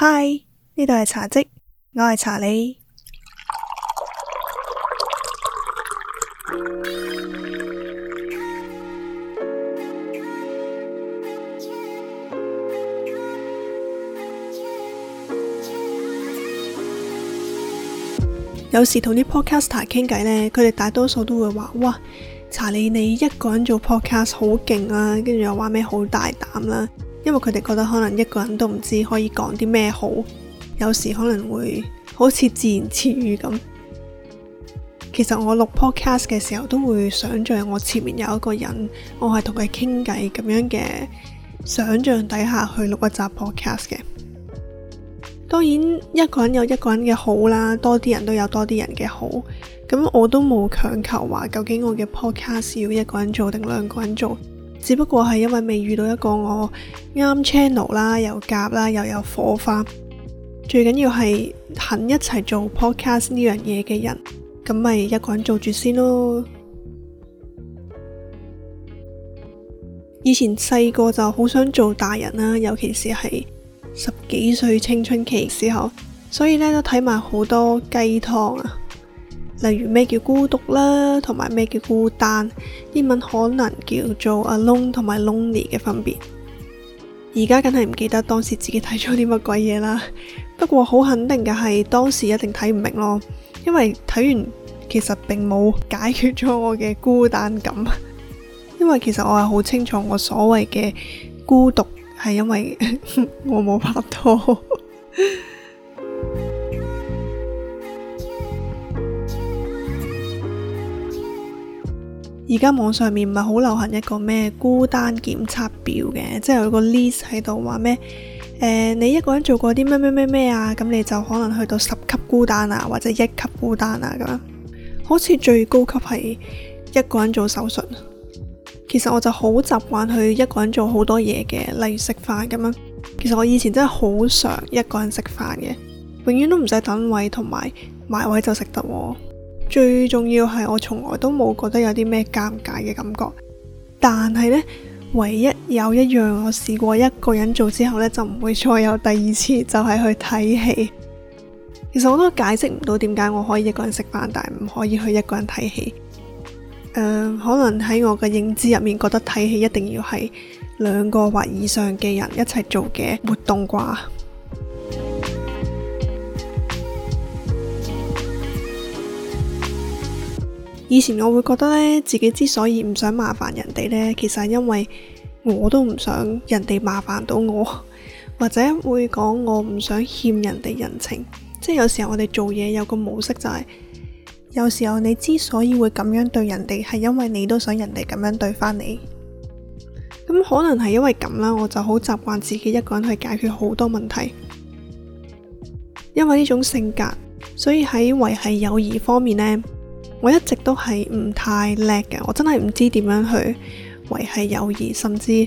嗨，呢度係茶嘖，我係茶理。 有時同啲 podcaster 傾偈咧，佢哋大多數都會話，哇，茶理，你一個人做 podcast 好勁啊，跟住又話咩好大膽啊。」因為佢哋覺得可能一個人都唔知可以講啲咩好，有時可能會好似自言自語咁。其實我錄 podcast 嘅時候都會想象我前面有一個人，我係同佢傾偈咁樣嘅想象底下去錄一集 podcast 嘅。當然一個人有一個人嘅好啦，多啲人都有多啲人嘅好。咁我都冇強求話，究竟我嘅 podcast 要一個人做定兩個人做。只不過係因為未遇到一個我啱 channel 啦，又夾啦，又有火花，最緊要係肯一齊做 podcast 呢樣嘢嘅人，咁咪一個人做住先咯。以前細個就好想做大人啦，尤其是係十幾歲青春期嘅時候，所以咧都睇埋好多雞湯啊。例如咩叫孤獨啦，同埋咩叫孤單，英文可能叫做 alone 同埋 lonely 嘅分別。而家梗係唔記得當時自己睇咗啲乜鬼嘢啦，不過好肯定嘅係當時一定睇唔明咯，因為睇完其實並冇解決咗我嘅孤單感，因為其實我係好清楚我所謂嘅孤獨係因為 我冇拍拖。而家網上面唔係好流行一個咩孤單檢測表嘅，即係有個 list 喺度話咩？誒、呃，你一個人做過啲咩咩咩咩啊？咁你就可能去到十級孤單啊，或者一級孤單啊咁樣。好似最高級係一個人做手術。其實我就好習慣去一個人做好多嘢嘅，例如食飯咁樣。其實我以前真係好常一個人食飯嘅，永遠都唔使等位同埋埋位就食得。最重要係我從來都冇覺得有啲咩尷尬嘅感覺，但係呢，唯一有一樣我試過一個人做之後呢，就唔會再有第二次，就係去睇戲。其實我都解釋唔到點解我可以一個人食飯，但係唔可以去一個人睇戲。呃，可能喺我嘅認知入面，覺得睇戲一定要係兩個或以上嘅人一齊做嘅活動啩。以前我會覺得咧，自己之所以唔想麻煩人哋咧，其實係因為我都唔想人哋麻煩到我，或者會講我唔想欠人哋人情。即係有時候我哋做嘢有個模式就係有時候你之所以會咁樣對人哋，係因為你都想人哋咁樣對翻你。咁可能係因為咁啦，我就好習慣自己一個人去解決好多問題，因為呢種性格，所以喺維繫友誼方面呢。我一直都係唔太叻嘅，我真係唔知點樣去維繫友誼，甚至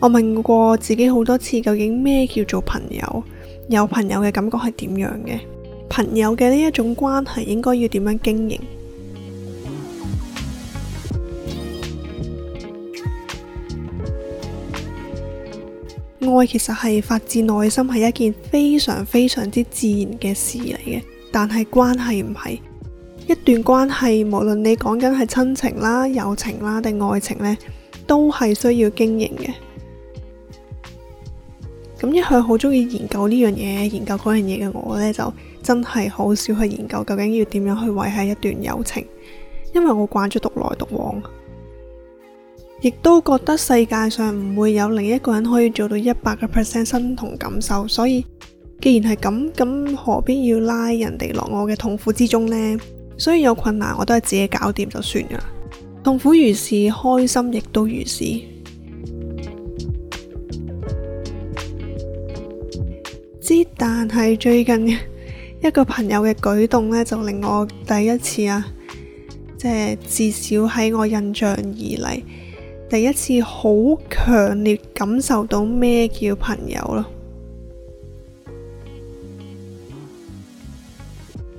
我問過自己好多次，究竟咩叫做朋友？有朋友嘅感覺係點樣嘅？朋友嘅呢一種關係應該要點樣經營？愛其實係發自內心，係一件非常非常之自然嘅事嚟嘅，但係關係唔係。一段關係，無論你講緊係親情啦、友情啦定愛情呢，都係需要經營嘅。咁一向好中意研究呢樣嘢、研究嗰樣嘢嘅我呢，就真係好少去研究究竟要點樣去維繫一段友情，因為我慣咗獨來獨往，亦都覺得世界上唔會有另一個人可以做到一百個 percent 身同感受，所以既然係咁，咁何必要拉人哋落我嘅痛苦之中呢？所以有困難我都係自己搞掂就算㗎啦。痛苦如是，開心亦都如是。之但係最近一個朋友嘅舉動呢，就令我第一次啊，即係至少喺我印象而嚟，第一次好強烈感受到咩叫朋友咯。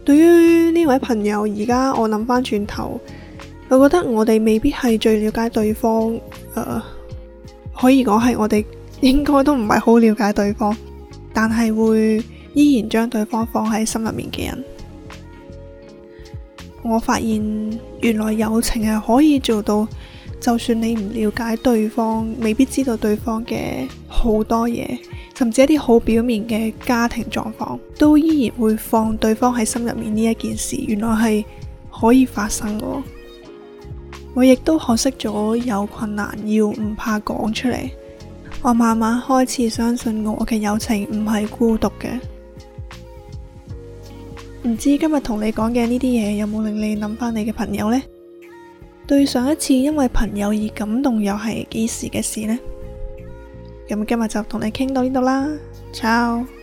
對於呢位朋友而家我諗返轉頭，我覺得我哋未必係最了解對方，誒、呃，可以講係我哋應該都唔係好了解對方，但係會依然將對方放喺心入面嘅人，我發現原來友情係可以做到，就算你唔了解對方，未必知道對方嘅好多嘢。甚至一啲好表面嘅家庭狀況，都依然會放對方喺心入面呢一件事，原來係可以發生嘅。我亦都學識咗有困難要唔怕講出嚟。我慢慢開始相信我嘅友情唔係孤獨嘅。唔知今日同你講嘅呢啲嘢有冇令你諗返你嘅朋友呢？對上一次因為朋友而感動又係幾時嘅事呢？咁今日就同你傾到呢度啦，ciao。